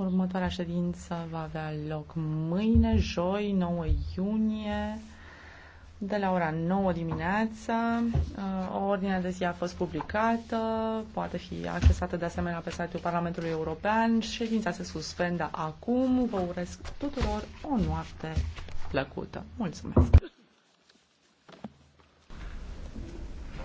Următoarea ședință va avea loc mâine, joi, 9 iunie, de la ora 9 dimineața. Uh, o ordine de zi a fost publicată, poate fi accesată de asemenea pe site-ul Parlamentului European. Ședința se suspendă acum. Vă urez tuturor o noapte plăcută. Mulțumesc!